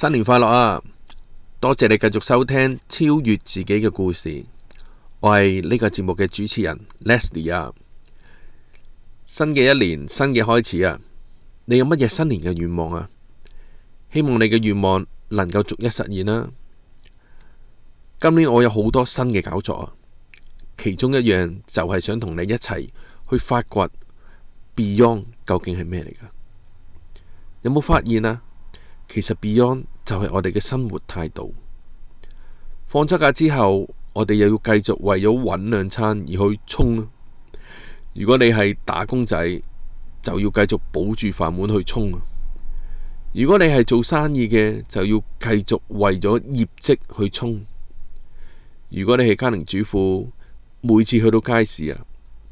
新年快樂啊！多謝你繼續收聽超越自己嘅故事，我係呢個節目嘅主持人 Leslie 啊。新嘅一年，新嘅開始啊！你有乜嘢新年嘅願望啊？希望你嘅願望能夠逐一實現啦，啊。今年我有好多新嘅搞作啊，其中一樣就係想同你一齊去發掘 Beyond 究竟係咩嚟㗎？有冇發現啊？其實 Beyond 就係我哋嘅生活態度。放出假之後，我哋又要繼續為咗揾兩餐而去衝啊。如果你係打工仔，就要繼續保住飯碗去衝啊；如果你係做生意嘅，就要繼續為咗業績去衝啊。如果你係家庭主婦，每次去到街市啊，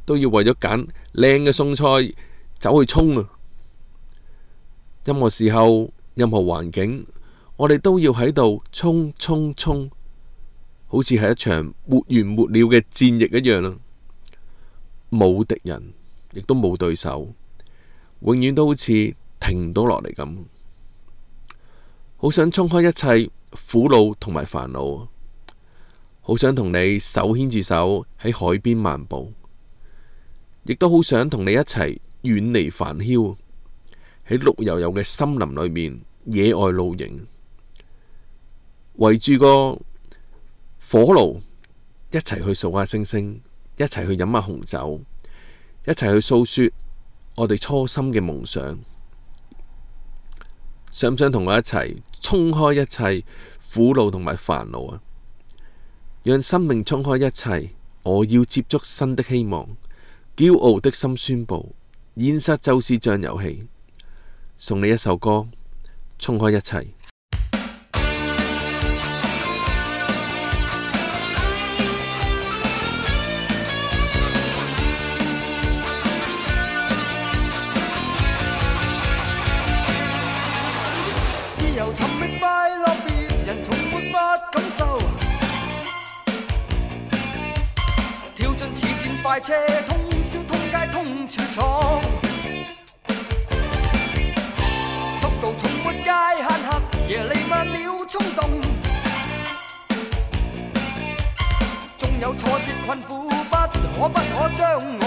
都要為咗揀靚嘅餸菜走去衝啊。任何時候，任何環境，我哋都要喺度衝衝衝，好似係一場沒完沒了嘅戰役一樣。冇敵人，亦都冇對手，永遠都好似停唔到落嚟咁。好想衝開一切苦惱同埋煩惱，好想同你手牽住手喺海邊漫步，亦都好想同你一齊遠離煩囂。喺綠油油嘅森林裏面野外露營，圍住個火爐，一齊去數下星星，一齊去飲下紅酒，一齊去訴說我哋初心嘅夢想。想唔想同我一齊沖開一切苦惱同埋煩惱啊？讓生命沖開一切，我要接觸新的希望。驕傲的心宣布，現實就是醬遊戲。送你一首歌，沖開一切。自由尋覓快樂，別人從沒法感受。跳進似箭快車，通宵通街通處闖。可不可將我？